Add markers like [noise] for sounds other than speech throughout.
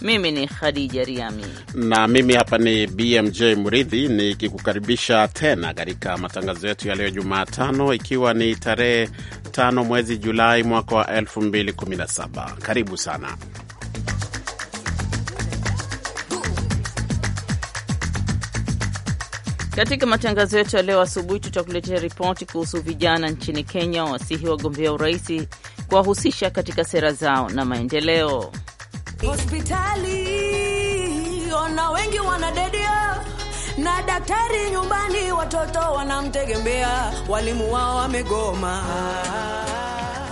Mimi ni Khadija Riami na mimi hapa ni BMJ mridhi nikikukaribisha tena katika matangazo yetu ya leo Jumatano, ikiwa ni tarehe tano mwezi Julai mwaka wa 2017. Karibu sana. Katika matangazo yetu ya leo asubuhi tutakuletea ripoti kuhusu vijana nchini Kenya wasihi wagombea urais kuwahusisha katika sera zao na maendeleo hospitali, ona wengi wanadedia na daktari nyumbani, watoto wanamtegemea, walimu wao wamegoma.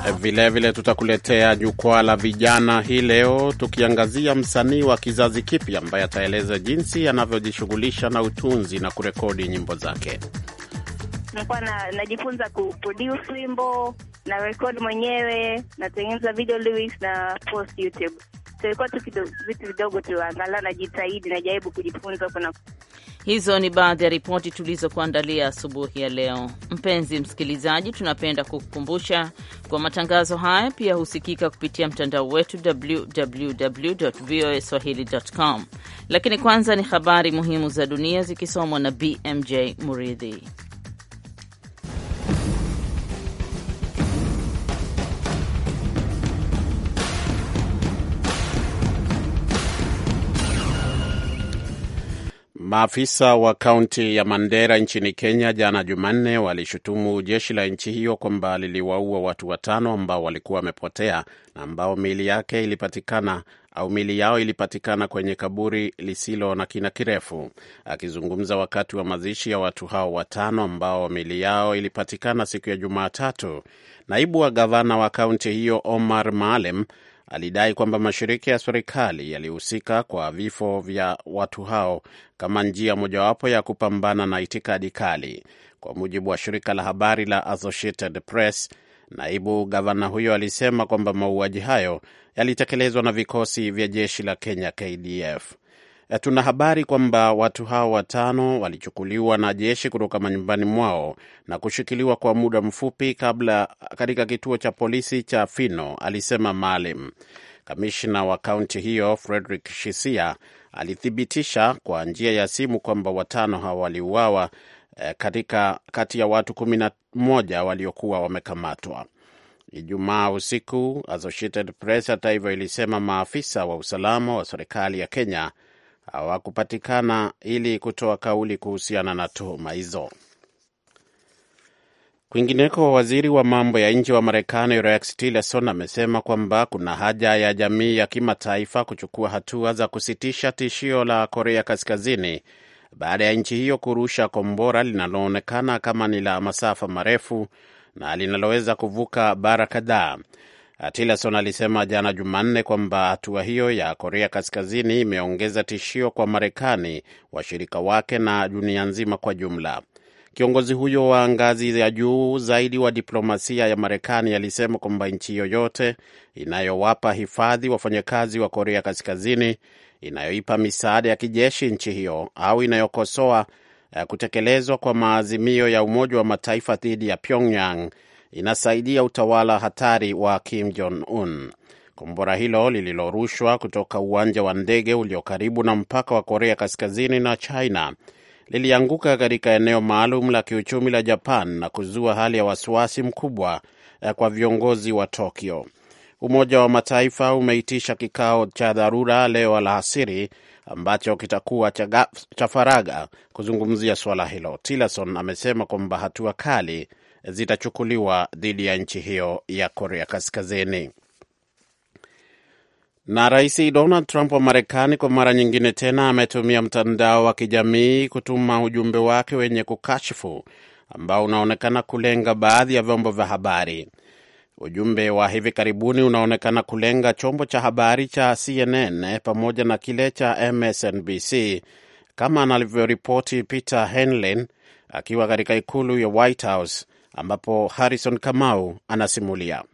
Vilevile vile tutakuletea jukwaa la vijana hii leo, tukiangazia msanii wa kizazi kipya ambaye ataeleza jinsi anavyojishughulisha na utunzi na kurekodi nyimbo zake. Nilikuwa na, najifunza kuproduce wimbo na rekodi mwenyewe, natengeneza video lyrics na post YouTube tulikuwa eh, tu vitu vidogo tu, angalau najitahidi, najaribu kujifunza. Kuna hizo ni baadhi ya ripoti tulizokuandalia asubuhi ya leo. Mpenzi msikilizaji, tunapenda kukukumbusha kwa matangazo haya pia husikika kupitia mtandao wetu www voa www.voaswahili.com. Lakini kwanza ni habari muhimu za dunia zikisomwa na BMJ Muridhi. Maafisa wa kaunti ya Mandera nchini Kenya jana Jumanne walishutumu jeshi la nchi hiyo kwamba liliwaua watu watano ambao walikuwa wamepotea na ambao miili yake ilipatikana au miili yao ilipatikana kwenye kaburi lisilo na kina kirefu. Akizungumza wakati wa mazishi ya watu hao watano ambao miili yao ilipatikana siku ya Jumatatu, naibu wa gavana wa kaunti hiyo Omar Maalem alidai kwamba mashirika ya serikali yalihusika kwa vifo vya watu hao kama njia mojawapo ya kupambana na itikadi kali. Kwa mujibu wa shirika la habari la Associated Press, naibu gavana huyo alisema kwamba mauaji hayo yalitekelezwa na vikosi vya jeshi la Kenya, KDF. Eh, tuna habari kwamba watu hao watano walichukuliwa na jeshi kutoka manyumbani mwao na kushikiliwa kwa muda mfupi kabla katika kituo cha polisi cha Fino, alisema Maalim. Kamishna wa kaunti hiyo Frederick Shisia alithibitisha kwa njia ya simu kwamba watano hao waliuawa eh, katika kati ya watu kumi na moja waliokuwa wamekamatwa Ijumaa usiku. Associated Press hata hivyo ilisema maafisa wa usalama wa serikali ya Kenya hawakupatikana ili kutoa kauli kuhusiana na tuhuma hizo. Kwingineko, waziri wa mambo ya nje wa Marekani Rex Tillerson amesema kwamba kuna haja ya jamii ya kimataifa kuchukua hatua za kusitisha tishio la Korea Kaskazini baada ya nchi hiyo kurusha kombora linaloonekana kama ni la masafa marefu na linaloweza kuvuka bara kadhaa Uh, Tillerson alisema jana Jumanne kwamba hatua hiyo ya Korea Kaskazini imeongeza tishio kwa Marekani, washirika wake na dunia nzima kwa jumla. Kiongozi huyo wa ngazi ya juu zaidi wa diplomasia ya Marekani alisema kwamba nchi yoyote inayowapa hifadhi wafanyakazi wa Korea Kaskazini, inayoipa misaada ya kijeshi nchi hiyo au inayokosoa uh, kutekelezwa kwa maazimio ya Umoja wa Mataifa dhidi ya Pyongyang inasaidia utawala hatari wa Kim Jong Un. Kombora hilo lililorushwa kutoka uwanja wa ndege ulio karibu na mpaka wa Korea Kaskazini na China lilianguka katika eneo maalum la kiuchumi la Japan na kuzua hali ya wasiwasi mkubwa eh, kwa viongozi wa Tokyo. Umoja wa Mataifa umeitisha kikao cha dharura leo alasiri ambacho kitakuwa cha faraga kuzungumzia suala hilo. Tillerson amesema kwamba hatua kali zitachukuliwa dhidi ya nchi hiyo ya Korea Kaskazini. Na Rais Donald Trump wa Marekani kwa mara nyingine tena ametumia mtandao wa kijamii kutuma ujumbe wake wenye kukashifu ambao unaonekana kulenga baadhi ya vyombo vya habari. Ujumbe wa hivi karibuni unaonekana kulenga chombo cha habari cha CNN pamoja na kile cha MSNBC kama anavyoripoti Peter henlin akiwa katika ikulu ya White House ambapo Harrison Kamau anasimulia.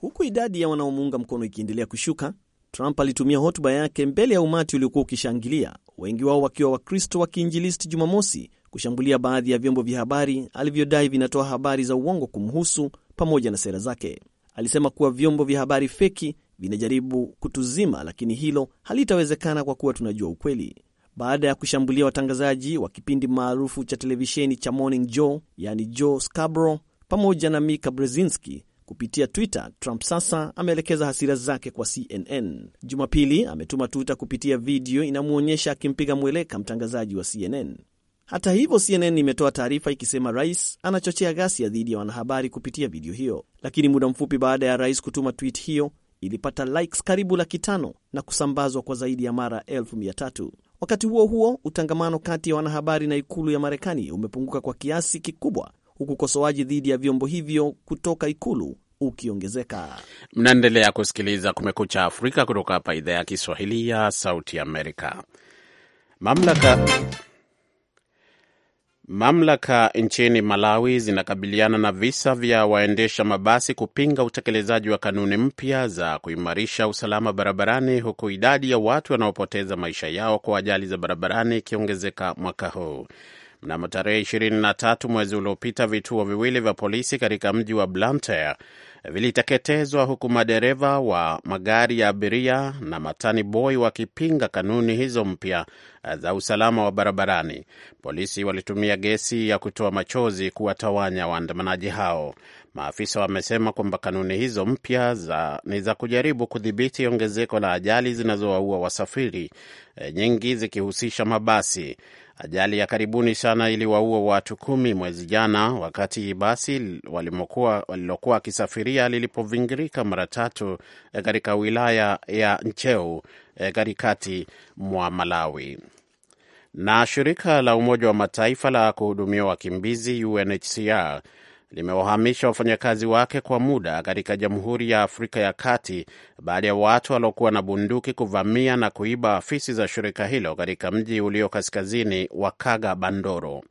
Huku idadi ya wanaomuunga mkono ikiendelea kushuka, Trump alitumia hotuba yake mbele ya umati uliokuwa ukishangilia, wengi wao wakiwa Wakristo wa Kiinjilisti, Jumamosi kushambulia baadhi ya vyombo vya habari alivyodai vinatoa habari za uongo kumhusu pamoja na sera zake. Alisema kuwa vyombo vya habari feki vinajaribu kutuzima, lakini hilo halitawezekana kwa kuwa tunajua ukweli baada ya kushambulia watangazaji wa kipindi maarufu cha televisheni cha Morning Joe, yani Joe Scarborough pamoja na Mika Brzezinski kupitia Twitter. Trump sasa ameelekeza hasira zake kwa CNN. Jumapili ametuma Twitter kupitia video inamwonyesha akimpiga mweleka mtangazaji wa CNN. Hata hivyo, CNN imetoa taarifa ikisema rais anachochea ghasia dhidi ya wanahabari kupitia video hiyo, lakini muda mfupi baada ya rais kutuma tweet hiyo ilipata likes karibu laki tano na kusambazwa kwa zaidi ya mara elfu mia tatu. Wakati huo huo, utangamano kati ya wanahabari na ikulu ya Marekani umepunguka kwa kiasi kikubwa, huku ukosoaji dhidi ya vyombo hivyo kutoka ikulu ukiongezeka. Mnaendelea kusikiliza Kumekucha Afrika kutoka hapa idhaa ya Kiswahili ya Sauti Amerika. Mamlaka Mamlaka nchini Malawi zinakabiliana na visa vya waendesha mabasi kupinga utekelezaji wa kanuni mpya za kuimarisha usalama barabarani huku idadi ya watu wanaopoteza maisha yao kwa ajali za barabarani ikiongezeka mwaka huu. Mnamo tarehe 23 mwezi uliopita, vituo viwili vya polisi katika mji wa Blantyre viliteketezwa huku madereva wa magari ya abiria na matani boy wakipinga kanuni hizo mpya za usalama wa barabarani. Polisi walitumia gesi ya kutoa machozi kuwatawanya waandamanaji hao. Maafisa wamesema kwamba kanuni hizo mpya za ni za kujaribu kudhibiti ongezeko la ajali zinazowaua wasafiri, eh, nyingi zikihusisha mabasi. Ajali ya karibuni sana iliwaua watu kumi mwezi jana, wakati basi walilokuwa wakisafiria lilipovingirika mara tatu eh, katika wilaya ya Ncheu eh, katikati mwa Malawi. Na shirika la Umoja wa Mataifa la kuhudumia wakimbizi UNHCR limewahamisha wafanyakazi wake kwa muda katika Jamhuri ya Afrika ya Kati baada ya watu waliokuwa na bunduki kuvamia na kuiba afisi za shirika hilo katika mji ulio kaskazini wa Kaga Bandoro.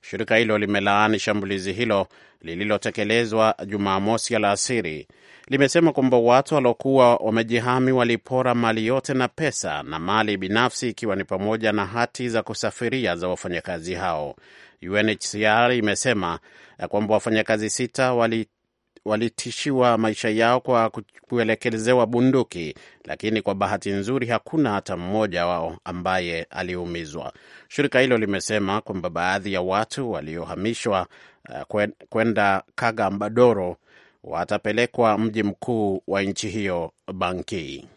Shirika hilo limelaani shambulizi hilo lililotekelezwa Jumamosi alasiri. Limesema kwamba watu waliokuwa wamejihami walipora mali yote na pesa na mali binafsi, ikiwa ni pamoja na hati za kusafiria za wafanyakazi hao. UNHCR imesema kwamba wafanyakazi sita wali walitishiwa maisha yao kwa kuelekezewa bunduki, lakini kwa bahati nzuri hakuna hata mmoja wao ambaye aliumizwa. Shirika hilo limesema kwamba baadhi ya watu waliohamishwa eh, kwenda Kagambadoro watapelekwa mji mkuu wa nchi hiyo Bangui.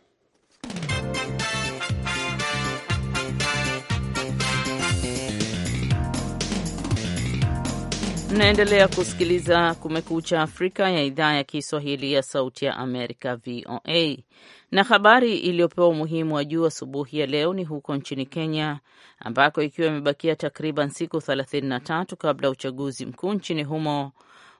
Mnaendelea kusikiliza Kumekucha Afrika ya idhaa ya Kiswahili ya Sauti ya Amerika, VOA. Na habari iliyopewa umuhimu wa juu asubuhi ya leo ni huko nchini Kenya, ambako ikiwa imebakia takriban siku 33 kabla ya uchaguzi mkuu nchini humo,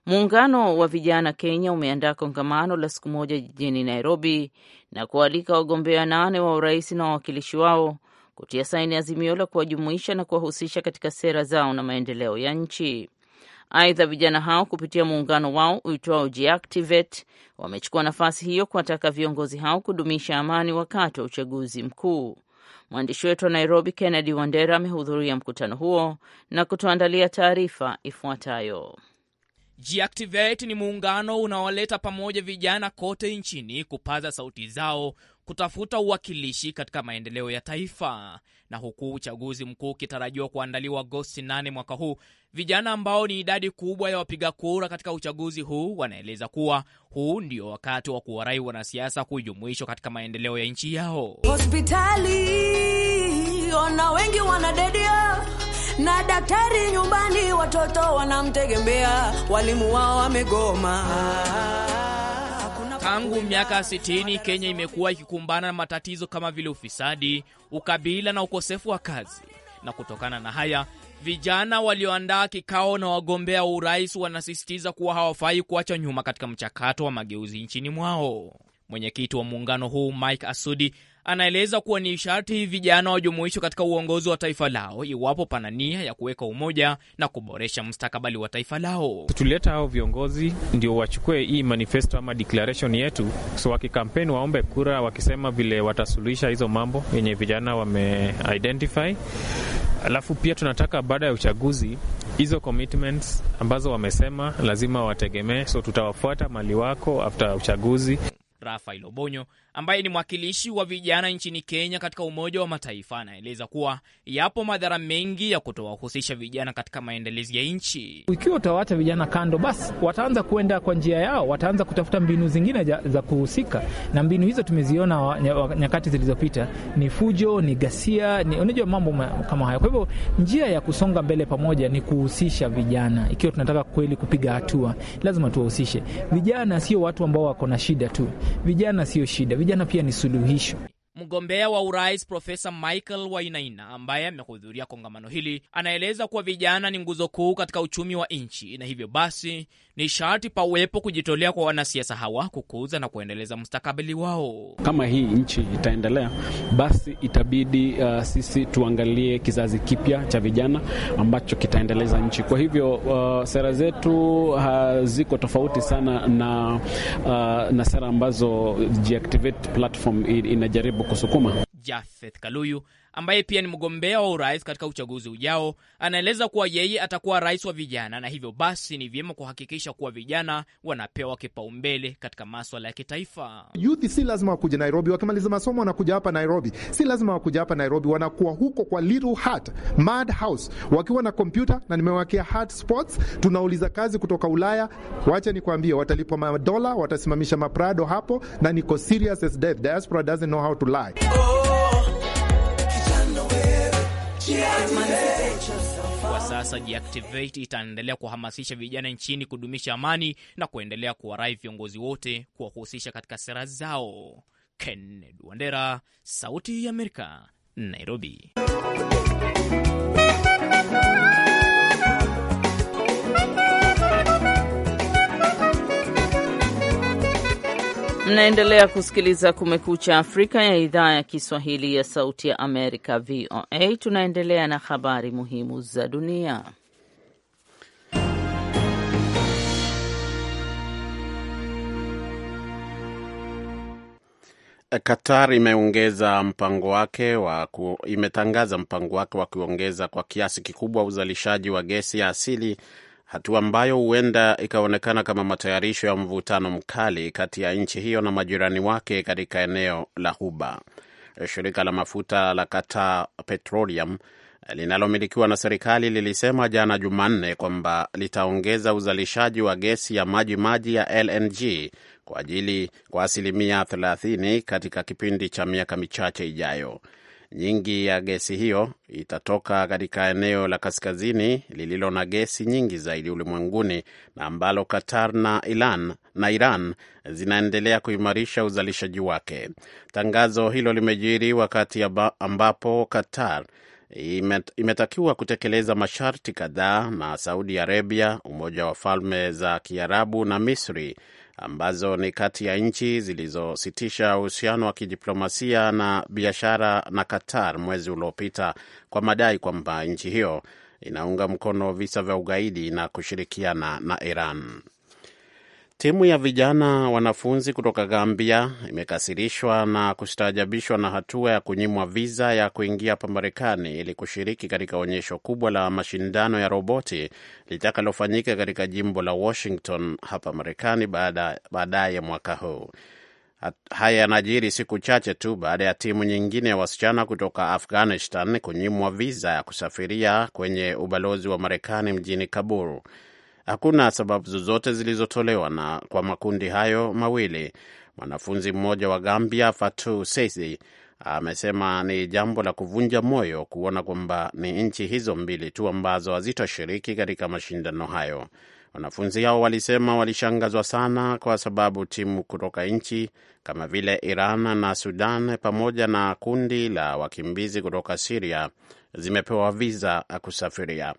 muungano wa vijana Kenya umeandaa kongamano la siku moja jijini Nairobi na kualika wagombea nane wa urais na wawakilishi wao kutia saini azimio la kuwajumuisha na kuwahusisha katika sera zao na maendeleo ya nchi. Aidha, vijana hao kupitia muungano wao uitwao Jiactivate wamechukua nafasi hiyo kuwataka viongozi hao kudumisha amani wakati wa uchaguzi mkuu. Mwandishi wetu wa Nairobi, Kennedy Wandera, amehudhuria mkutano huo na kutuandalia taarifa ifuatayo. Jiactivate ni muungano unaowaleta pamoja vijana kote nchini kupaza sauti zao kutafuta uwakilishi katika maendeleo ya taifa. Na huku uchaguzi mkuu ukitarajiwa kuandaliwa Agosti 8 mwaka huu, vijana ambao ni idadi kubwa ya wapiga kura katika uchaguzi huu wanaeleza kuwa huu ndio wakati wa kuwarai wanasiasa kujumuishwa katika maendeleo ya nchi yao. Hospitali ona wengi wanadedia na daktari nyumbani, watoto wanamtegemea, walimu wao wamegoma Tangu miaka 60 Kenya imekuwa ikikumbana na matatizo kama vile ufisadi, ukabila na ukosefu wa kazi, na kutokana na haya vijana walioandaa kikao na wagombea wa urais wanasisitiza kuwa hawafai kuacha nyuma katika mchakato wa mageuzi nchini mwao. Mwenyekiti wa muungano huu Mike Asudi anaeleza kuwa ni sharti vijana wajumuishwe katika uongozi wa taifa lao iwapo pana nia ya kuweka umoja na kuboresha mustakabali wa taifa lao. Tulileta hao viongozi ndio wachukue hii manifesto ama declaration yetu, so wakikampeni waombe kura, wakisema vile watasuluhisha hizo mambo yenye vijana wameidentify. Alafu pia tunataka baada ya uchaguzi hizo commitments ambazo wamesema lazima wategemee, so tutawafuata mali wako after uchaguzi. Rafael Obonyo ambaye ni mwakilishi wa vijana nchini Kenya katika Umoja wa Mataifa anaeleza kuwa yapo madhara mengi ya kutowahusisha vijana katika maendelezi ya nchi. Ikiwa utawaacha vijana kando, basi wataanza kuenda kwa njia yao, wataanza kutafuta mbinu zingine za kuhusika, na mbinu hizo tumeziona nyakati zilizopita, ni fujo, ni ghasia, ni unajua mambo kama hayo. Kwa hivyo njia ya kusonga mbele pamoja ni kuhusisha vijana. Ikiwa tunataka kweli kupiga hatua, lazima tuwahusishe vijana, sio watu ambao wako na shida tu vijana siyo shida, vijana pia ni suluhisho. Mgombea wa urais Profesa Michael Wainaina ambaye amehudhuria kongamano hili anaeleza kuwa vijana ni nguzo kuu katika uchumi wa nchi na hivyo basi ni sharti pawepo kujitolea kwa wanasiasa hawa kukuza na kuendeleza mustakabali wao. Kama hii nchi itaendelea, basi itabidi uh, sisi tuangalie kizazi kipya cha vijana ambacho kitaendeleza nchi. Kwa hivyo uh, sera zetu haziko uh, tofauti sana na, uh, na sera ambazo Platform inajaribu kusukuma. Jafeth Kaluyu ambaye pia ni mgombea wa urais katika uchaguzi ujao, anaeleza kuwa yeye atakuwa rais wa vijana, na hivyo basi ni vyema kuhakikisha kuwa vijana wanapewa kipaumbele katika maswala ya kitaifa. Yuthi si lazima wakuja Nairobi, wakimaliza masomo wanakuja hapa Nairobi, si lazima wakuja hapa Nairobi, wanakuwa huko kwa Little Hut Mad House wakiwa na kompyuta na nimewekea hard sports. Tunauliza kazi kutoka Ulaya, wacha kuambia watalipwa madola, watasimamisha maprado hapo, na niko serious as death. Diaspora doesn't know how to lie. Oh, kwa sasa Jiactivate itaendelea kuhamasisha vijana nchini kudumisha amani na kuendelea kuwarai viongozi wote kuwahusisha katika sera zao. Kennedy Wandera, Sauti ya Amerika, Nairobi. Mnaendelea kusikiliza Kumekucha Afrika ya idhaa ya Kiswahili ya Sauti ya Amerika, VOA. Tunaendelea na habari muhimu za dunia. Qatar imeongeza mpango wake wa ku, imetangaza mpango wake wa kuongeza kwa kiasi kikubwa uzalishaji wa gesi ya asili hatua ambayo huenda ikaonekana kama matayarisho ya mvutano mkali kati ya nchi hiyo na majirani wake katika eneo la Huba. Shirika la mafuta la Qatar Petroleum eh, linalomilikiwa na serikali lilisema jana Jumanne kwamba litaongeza uzalishaji wa gesi ya maji maji ya LNG kwa ajili kwa asilimia 30 katika kipindi cha miaka michache ijayo. Nyingi ya gesi hiyo itatoka katika eneo la kaskazini lililo na gesi nyingi zaidi ulimwenguni na ambalo Qatar na Iran, na Iran zinaendelea kuimarisha uzalishaji wake. Tangazo hilo limejiri wakati ambapo Qatar imetakiwa kutekeleza masharti kadhaa na Saudi Arabia, Umoja wa Falme za Kiarabu na Misri ambazo ni kati ya nchi zilizositisha uhusiano wa kidiplomasia na biashara na Qatar mwezi uliopita kwa madai kwamba nchi hiyo inaunga mkono visa vya ugaidi na kushirikiana na Iran. Timu ya vijana wanafunzi kutoka Gambia imekasirishwa na kustaajabishwa na hatua ya kunyimwa viza ya kuingia hapa Marekani ili kushiriki katika onyesho kubwa la mashindano ya roboti litakalofanyika katika jimbo la Washington hapa Marekani baadaye mwaka huu. Haya yanajiri siku chache tu baada ya timu nyingine ya wasichana kutoka Afghanistan kunyimwa viza ya kusafiria kwenye ubalozi wa Marekani mjini Kabul. Hakuna sababu zozote zilizotolewa na kwa makundi hayo mawili. Mwanafunzi mmoja wa Gambia, Fatu Sesi, amesema ni jambo la kuvunja moyo kuona kwamba ni nchi hizo mbili tu ambazo hazitoshiriki katika mashindano hayo. Wanafunzi hao walisema walishangazwa sana kwa sababu timu kutoka nchi kama vile Iran na Sudan pamoja na kundi la wakimbizi kutoka Siria zimepewa viza kusafiria.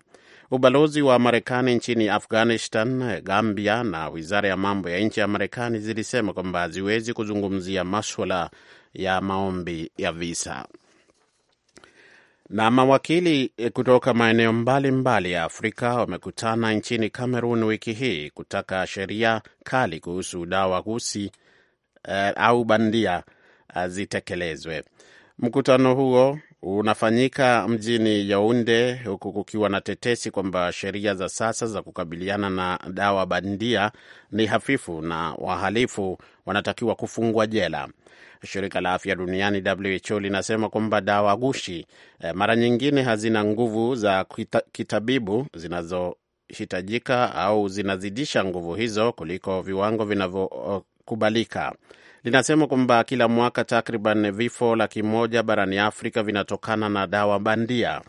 Ubalozi wa Marekani nchini Afghanistan, Gambia na wizara ya mambo ya nchi ya Marekani zilisema kwamba haziwezi kuzungumzia maswala ya maombi ya visa. Na mawakili eh, kutoka maeneo mbalimbali ya Afrika wamekutana nchini cameron wiki hii kutaka sheria kali kuhusu dawa ghusi uh, au bandia eh, zitekelezwe. Mkutano huo unafanyika mjini Yaunde huku kukiwa na tetesi kwamba sheria za sasa za kukabiliana na dawa bandia ni hafifu na wahalifu wanatakiwa kufungwa jela. Shirika la Afya Duniani WHO linasema kwamba dawa gushi eh, mara nyingine hazina nguvu za kita, kitabibu zinazohitajika au zinazidisha nguvu hizo kuliko viwango vinavyokubalika linasema kwamba kila mwaka takriban vifo laki moja barani Afrika vinatokana na dawa bandia.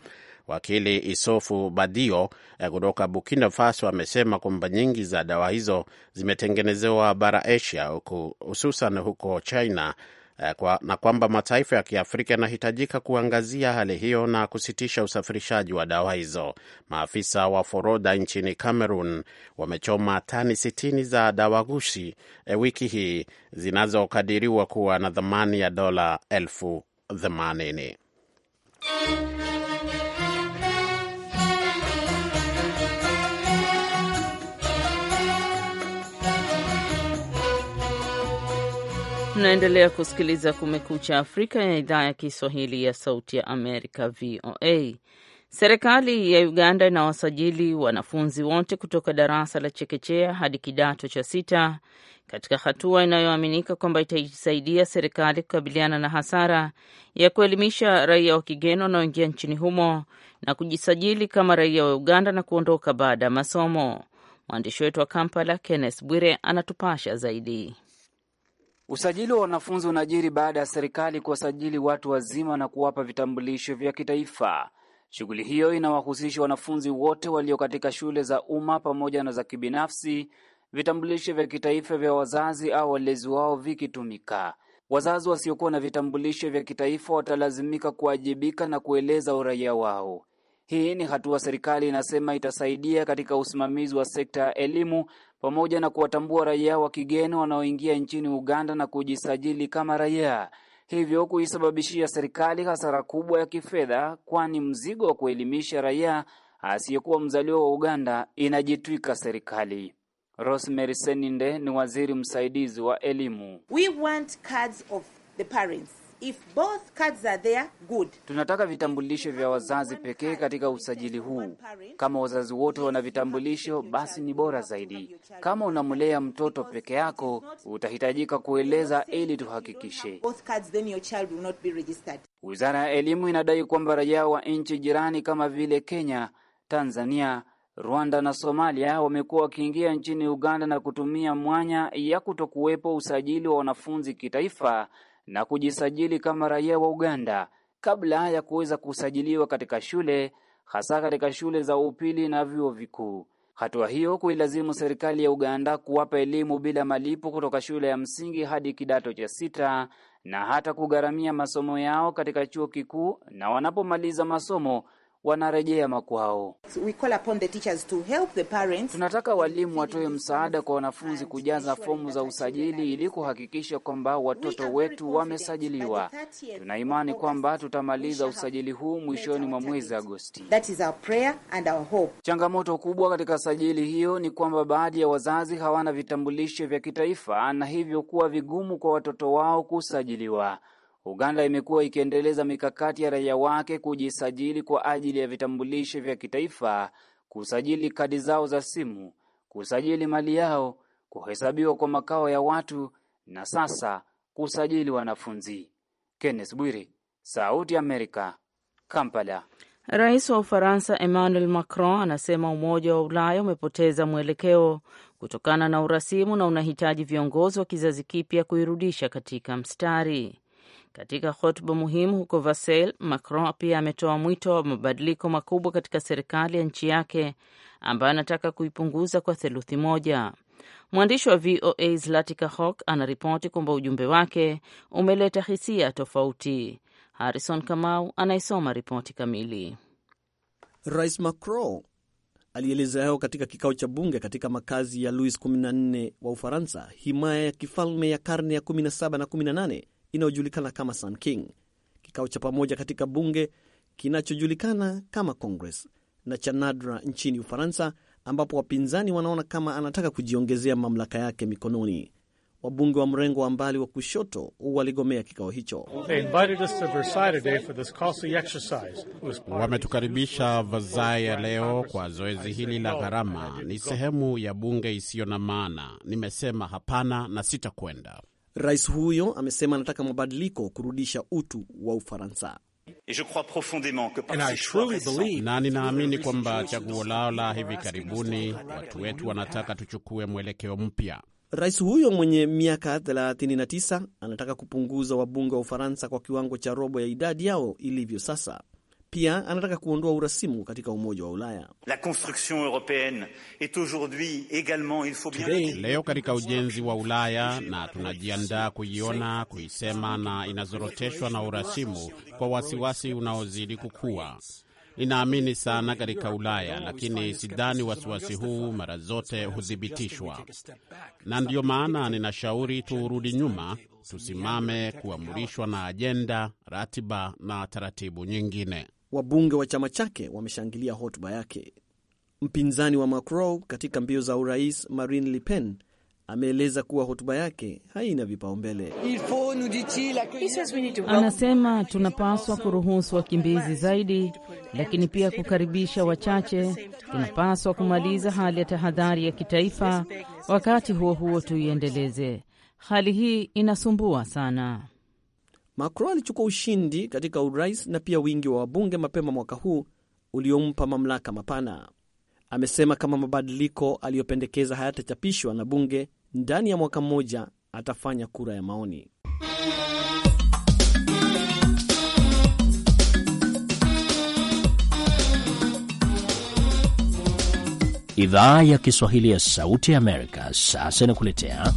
Wakili Isofu Badio eh, kutoka Burkina Faso amesema kwamba nyingi za dawa hizo zimetengenezewa bara Asia, hususan huko China Eh, kwa, na kwamba mataifa ya Kiafrika yanahitajika kuangazia hali hiyo na kusitisha usafirishaji wa dawa hizo. Maafisa wa forodha nchini Cameroon wamechoma tani 60 za dawa gushi e, eh, wiki hii zinazokadiriwa kuwa na thamani ya dola elfu themanini. Mnaendelea kusikiliza Kumekucha Afrika ya idhaa ya Kiswahili ya Sauti ya Amerika, VOA. Serikali ya Uganda inawasajili wanafunzi wote kutoka darasa la chekechea hadi kidato cha sita katika hatua inayoaminika kwamba itaisaidia serikali kukabiliana na hasara ya kuelimisha raia wa kigeni wanaoingia nchini humo na kujisajili kama raia wa Uganda na kuondoka baada ya masomo. Mwandishi wetu wa Kampala, Kenneth Bwire, anatupasha zaidi. Usajili wa wanafunzi unajiri baada ya serikali kuwasajili watu wazima na kuwapa vitambulisho vya kitaifa. Shughuli hiyo inawahusisha wanafunzi wote walio katika shule za umma pamoja na za kibinafsi, vitambulisho vya kitaifa vya wazazi au walezi wao vikitumika. Wazazi wasiokuwa na vitambulisho vya kitaifa watalazimika kuwajibika na kueleza uraia wao. Hii ni hatua serikali inasema itasaidia katika usimamizi wa sekta ya elimu pamoja na kuwatambua raia wa kigeni wanaoingia nchini Uganda na kujisajili kama raia, hivyo kuisababishia serikali hasara kubwa ya kifedha, kwani mzigo wa kuelimisha raia asiyekuwa mzaliwa wa Uganda inajitwika serikali. Rosemary Seninde ni waziri msaidizi wa elimu. We want cards of the parents. If both cards are there, good. Tunataka vitambulisho vya wazazi pekee katika usajili huu. Kama wazazi wote wana vitambulisho, basi ni bora zaidi. Kama unamlea mtoto peke yako, utahitajika kueleza ili tuhakikishe. Wizara ya Elimu inadai kwamba raia wa nchi jirani kama vile Kenya, Tanzania, Rwanda na Somalia wamekuwa wakiingia nchini Uganda na kutumia mwanya ya kutokuwepo usajili wa wanafunzi kitaifa na kujisajili kama raia wa Uganda kabla ya kuweza kusajiliwa katika shule, hasa katika shule za upili na vyuo vikuu. Hatua hiyo kuilazimu serikali ya Uganda kuwapa elimu bila malipo kutoka shule ya msingi hadi kidato cha sita na hata kugharamia masomo yao katika chuo kikuu, na wanapomaliza masomo wanarejea makwao. Tunataka walimu watoe msaada kwa wanafunzi kujaza fomu za usajili ili kuhakikisha kwamba watoto wetu wamesajiliwa. Tuna imani kwamba tutamaliza usajili huu mwishoni mwa mwezi Agosti. Changamoto kubwa katika sajili hiyo ni kwamba baadhi ya wazazi hawana vitambulisho vya kitaifa na hivyo kuwa vigumu kwa watoto wao kusajiliwa. Uganda imekuwa ikiendeleza mikakati ya raia wake kujisajili kwa ajili ya vitambulisho vya kitaifa, kusajili kadi zao za simu, kusajili mali yao, kuhesabiwa kwa makao ya watu na sasa kusajili wanafunzi. Kenneth Bwire, Sauti Amerika, Kampala. Rais wa Ufaransa Emmanuel Macron anasema Umoja wa Ulaya umepoteza mwelekeo kutokana na urasimu na unahitaji viongozi wa kizazi kipya kuirudisha katika mstari. Katika hotuba muhimu huko vasel Macron pia ametoa mwito wa mabadiliko makubwa katika serikali ya nchi yake ambayo anataka kuipunguza kwa theluthi moja. Mwandishi wa VOA Zlatica Hock anaripoti kwamba ujumbe wake umeleta hisia tofauti. Harrison Kamau anayesoma ripoti kamili. Rais Macron alieleza hayo katika kikao cha bunge katika makazi ya Louis 14 wa Ufaransa, himaya ya kifalme ya karne ya 17 na inayojulikana kama Sun King, kikao cha pamoja katika bunge kinachojulikana kama Congress na cha nadra nchini Ufaransa, ambapo wapinzani wanaona kama anataka kujiongezea mamlaka yake mikononi. Wabunge wa mrengo wa mbali wa kushoto waligomea kikao hicho. Wametukaribisha Versailles ya leo kwa zoezi hili la gharama, ni sehemu ya bunge isiyo na maana. Nimesema hapana na sitakwenda. Rais huyo amesema anataka mabadiliko kurudisha utu wa Ufaransa. Na ninaamini kwamba chaguo lao la hivi karibuni, watu wetu wanataka tuchukue mwelekeo mpya. Rais huyo mwenye miaka 39 anataka kupunguza wabunge wa Ufaransa kwa kiwango cha robo ya idadi yao ilivyo sasa. Pia anataka kuondoa urasimu katika Umoja wa Ulaya. La construction est aujourd'hui il faut bien. Leo katika ujenzi wa Ulaya, na tunajiandaa kuiona, kuisema, na inazoroteshwa na urasimu kwa wasiwasi unaozidi kukua. Ninaamini sana katika Ulaya, lakini sidhani wasiwasi huu mara zote huthibitishwa, na ndiyo maana ninashauri tuurudi nyuma, tusimame kuamrishwa na ajenda, ratiba na taratibu nyingine. Wabunge wa chama chake wameshangilia hotuba yake. Mpinzani wa Macron katika mbio za urais Marine Le Pen ameeleza kuwa hotuba yake haina vipaumbele. Anasema tunapaswa kuruhusu wakimbizi zaidi, lakini pia kukaribisha wachache. Tunapaswa kumaliza hali ya tahadhari ya kitaifa, wakati huo huo tuiendeleze. Hali hii inasumbua sana. Macron alichukua ushindi katika urais na pia wingi wa wabunge mapema mwaka huu uliompa mamlaka mapana. Amesema kama mabadiliko aliyopendekeza hayatachapishwa na bunge ndani ya mwaka mmoja, atafanya kura ya maoni. Idhaa ya Kiswahili ya Sauti ya Amerika sasa inakuletea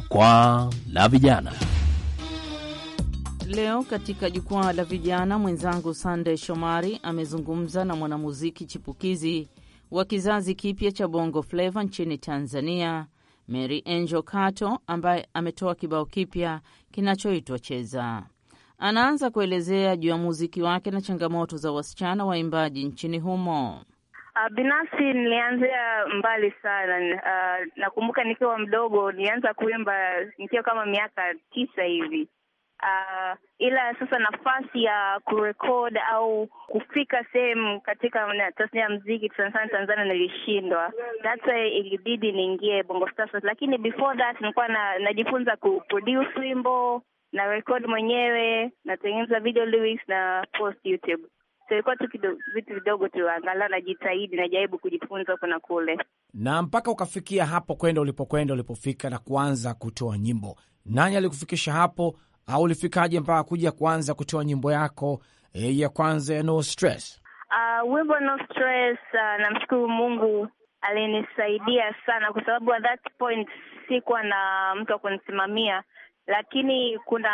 Jukwaa la Vijana. Leo katika Jukwaa la Vijana, mwenzangu Sandey Shomari amezungumza na mwanamuziki chipukizi wa kizazi kipya cha Bongo Fleva nchini Tanzania, Mary Angel Kato, ambaye ametoa kibao kipya kinachoitwa Cheza. Anaanza kuelezea juu ya muziki wake na changamoto za wasichana waimbaji nchini humo. Uh, binafsi nilianzia mbali sana. Uh, nakumbuka nikiwa mdogo nilianza kuimba nikiwa kama miaka tisa hivi. Uh, ila sasa nafasi ya kurekod au kufika sehemu katika tasnia ya mziki sana sana Tanzania nilishindwa, that's why ilibidi niingie Bongo Stars, lakini before that nilikuwa na, najifunza kuproduce wimbo na record mwenyewe, natengeneza video lyrics na post YouTube tulikuwa tu vitu vidogo tu, angalau najitahidi, najaribu kujifunza huko na kule, na mpaka ukafikia hapo kwenda ulipokwenda, ulipofika na kuanza kutoa nyimbo. Nani alikufikisha hapo, au ulifikaje mpaka kuja kuanza kutoa nyimbo yako e, ya kwanza ya no stress? Uh, wimbo no stress, uh, namshukuru Mungu alinisaidia sana, kwa sababu at that point sikuwa na mtu wa kunisimamia, lakini kuna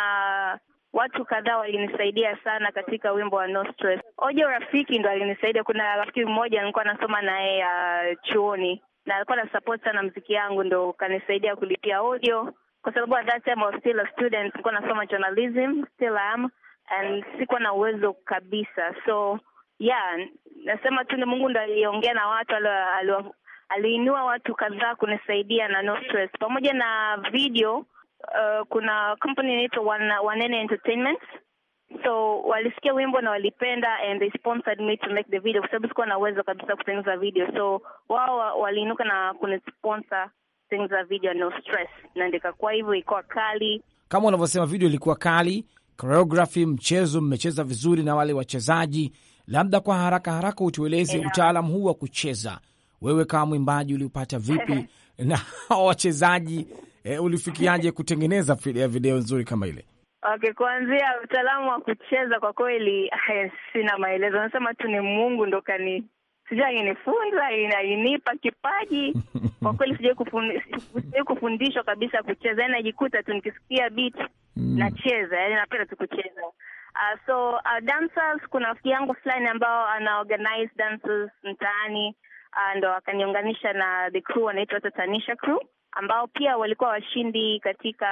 Watu kadhaa walinisaidia sana katika wimbo wa No Stress. Ojo Rafiki ndo alinisaidia. Kuna rafiki mmoja nilikuwa nasoma naye uh, chuoni na alikuwa na support sana mziki yangu, ndo kanisaidia kulipia audio kwa sababu at that time I was still a student, nilikuwa nasoma journalism, still am and sikuwa na uwezo kabisa, so yeah, nasema tu ni Mungu ndo aliongea na watu aliinua watu kadhaa kunisaidia na No Stress pamoja na video Uh, kuna kampuni inaitwa Wan, Wanene Entertainment so walisikia wimbo na walipenda and they sponsored me to make the video, kwa sababu sikuwa na uwezo kabisa kutengeneza video, so wao waliinuka na kunisponsor kutengeneza video no stress, na ndikakuwa hivyo, ikawa kali kama unavyosema, video ilikuwa kali, choreography, mchezo mmecheza vizuri na wale wachezaji. Labda kwa haraka haraka utueleze yeah, utaalamu huu wa kucheza, wewe kama mwimbaji uliupata vipi [laughs] na [laughs] wachezaji e, ulifikiaje kutengeneza video nzuri kama ile? Okay, kuanzia utaalamu wa kucheza kwa kweli sina maelezo, nasema tu ni Mungu ndo kani sijui alinifunza inainipa kipaji [laughs] kwa kweli, sijui kufundishwa kabisa kucheza, yani najikuta tu nikisikia beat mm. nacheza, yani napenda tu kucheza. Uh, so uh, dancers, kuna rafiki yangu fulani ambao ana organize dancers mtaani uh, ndo akaniunganisha na the crew, wanaitwa Tatanisha crew ambao pia walikuwa washindi katika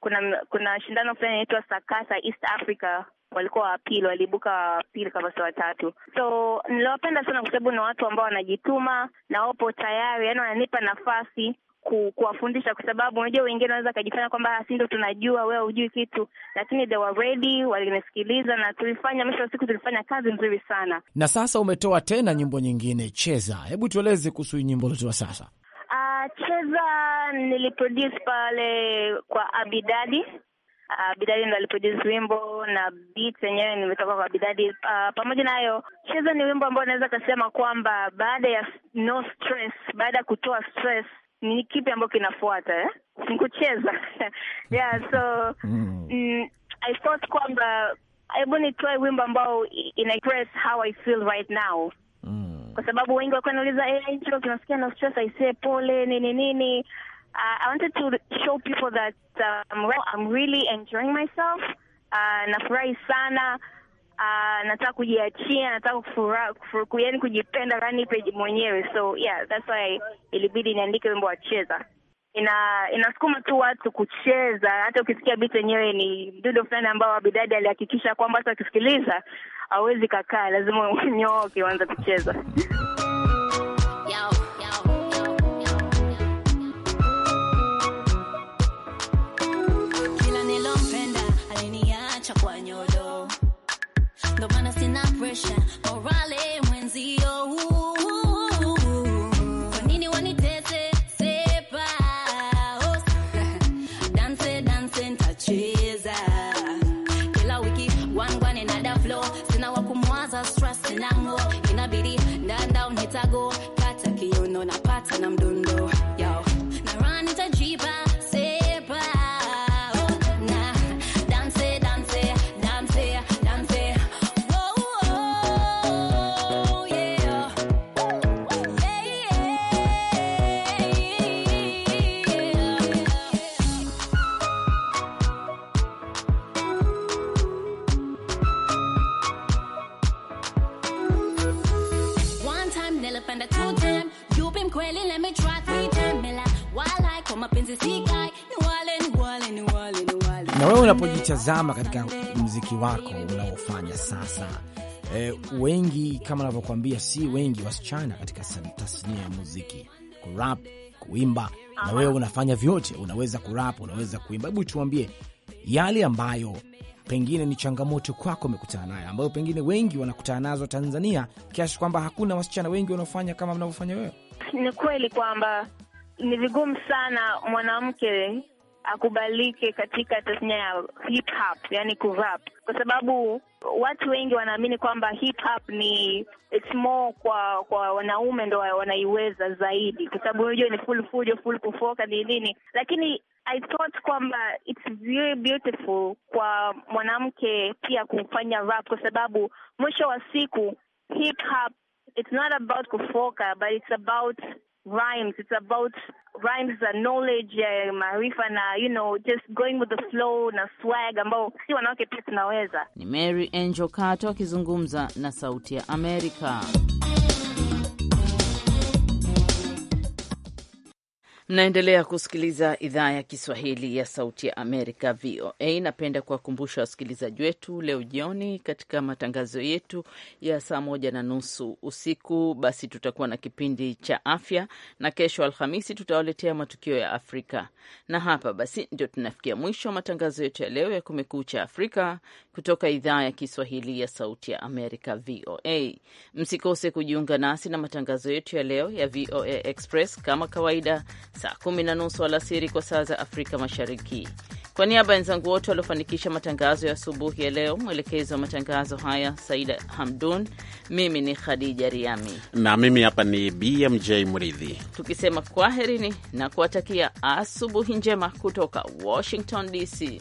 kuna kuna shindano fulani inaitwa Sakasa East Africa walikuwa wapili, waliibuka wapili sio watatu. So niliwapenda sana kwa sababu ni watu ambao wanajituma na wapo tayari, yani wananipa nafasi ku, kuwafundisha kwa sababu unajua wengine wanaweza akajifanya kwamba ah, si ndo tunajua, wewe hujui kitu, lakini they were ready, walinisikiliza na tulifanya, mwisho wa siku tulifanya kazi nzuri sana. Na sasa umetoa tena nyimbo nyingine, Cheza. Hebu tueleze kuhusu nyimbo uliotoa sasa. Nacheza, niliproduce pale kwa Abidadi. Abidadi ndo aliproduce wimbo na beat yenyewe nimetoka kwa Abidadi. Uh, pamoja nayo cheza ni wimbo ambao naweza kasema kwamba baada ya no stress, baada ya kutoa stress ni kipi ambacho kinafuata eh? Nikucheza [laughs] yeah, so mm. mm, I thought kwamba hebu nitoe wimbo ambao ina express how I feel right now mm kwa sababu wengi walikuwa wanauliza eh, hicho kinasikia na stress, aisee, pole nini nini. Uh, I wanted to show people that um, well, I'm really enjoying myself. Uh, nafurahi sana uh, nataka kujiachia, nataka kufura, kufura, yani kujipenda, rani page mwenyewe. So yeah, that's why ilibidi niandike wimbo wa cheza. Ina inasukuma tu watu kucheza. Hata ukisikia bit yenyewe ni mdudo fulani ambao Abidadi alihakikisha kwamba hata ukisikiliza hawezi kakaa, lazima unyooke uanze kucheza. ukitazama katika mziki wako unaofanya sasa e, wengi kama anavyokuambia, si wengi wasichana katika tasnia ya muziki, kurap, kuimba na wewe unafanya vyote, unaweza kurap, unaweza kuimba. Hebu tuambie yale ambayo pengine ni changamoto kwako umekutana nayo, ambayo pengine wengi wanakutana nazo Tanzania, kiasi kwamba hakuna wasichana wengi wanaofanya kama mnavyofanya wewe. Ni kweli kwamba ni vigumu sana mwanamke akubalike katika tasnia ya hip hop, yani kurap, kwa sababu watu wengi wanaamini kwamba hip hop ni it's more kwa kwa wanaume ndo wanaiweza zaidi, kwa sababu unajua ni full fujo, full kufoka ni nini, lakini I thought kwamba it's very beautiful kwa mwanamke pia kufanya rap, kwa sababu mwisho wa siku hip hop it's not about kufoka but it's about rhymes, it's about rhymes za knowledge ya maarifa na you know just going with the flow na swag ambao si wanawake pia tunaweza. Ni Mary Angel Kato akizungumza na Sauti ya Amerika. Mnaendelea kusikiliza idhaa ya Kiswahili ya Sauti ya Amerika, VOA. Napenda kuwakumbusha wasikilizaji wetu leo jioni katika matangazo yetu ya saa moja na nusu usiku, basi tutakuwa na kipindi cha afya, na kesho Alhamisi tutawaletea matukio ya Afrika. Na hapa basi ndio tunafikia mwisho wa matangazo yetu ya leo ya Kumekucha Afrika kutoka idhaa ya Kiswahili ya Sauti ya Amerika, VOA. Msikose kujiunga nasi na matangazo yetu ya leo ya VOA Express kama kawaida saa kumi na nusu alasiri kwa saa za Afrika Mashariki. Kwa niaba ya wenzangu wote waliofanikisha matangazo ya asubuhi ya leo, mwelekezi wa matangazo haya Saida Hamdun, mimi ni Khadija Riami na mimi hapa ni BMJ Mridhi, tukisema kwaherini na kuwatakia asubuhi njema kutoka Washington DC.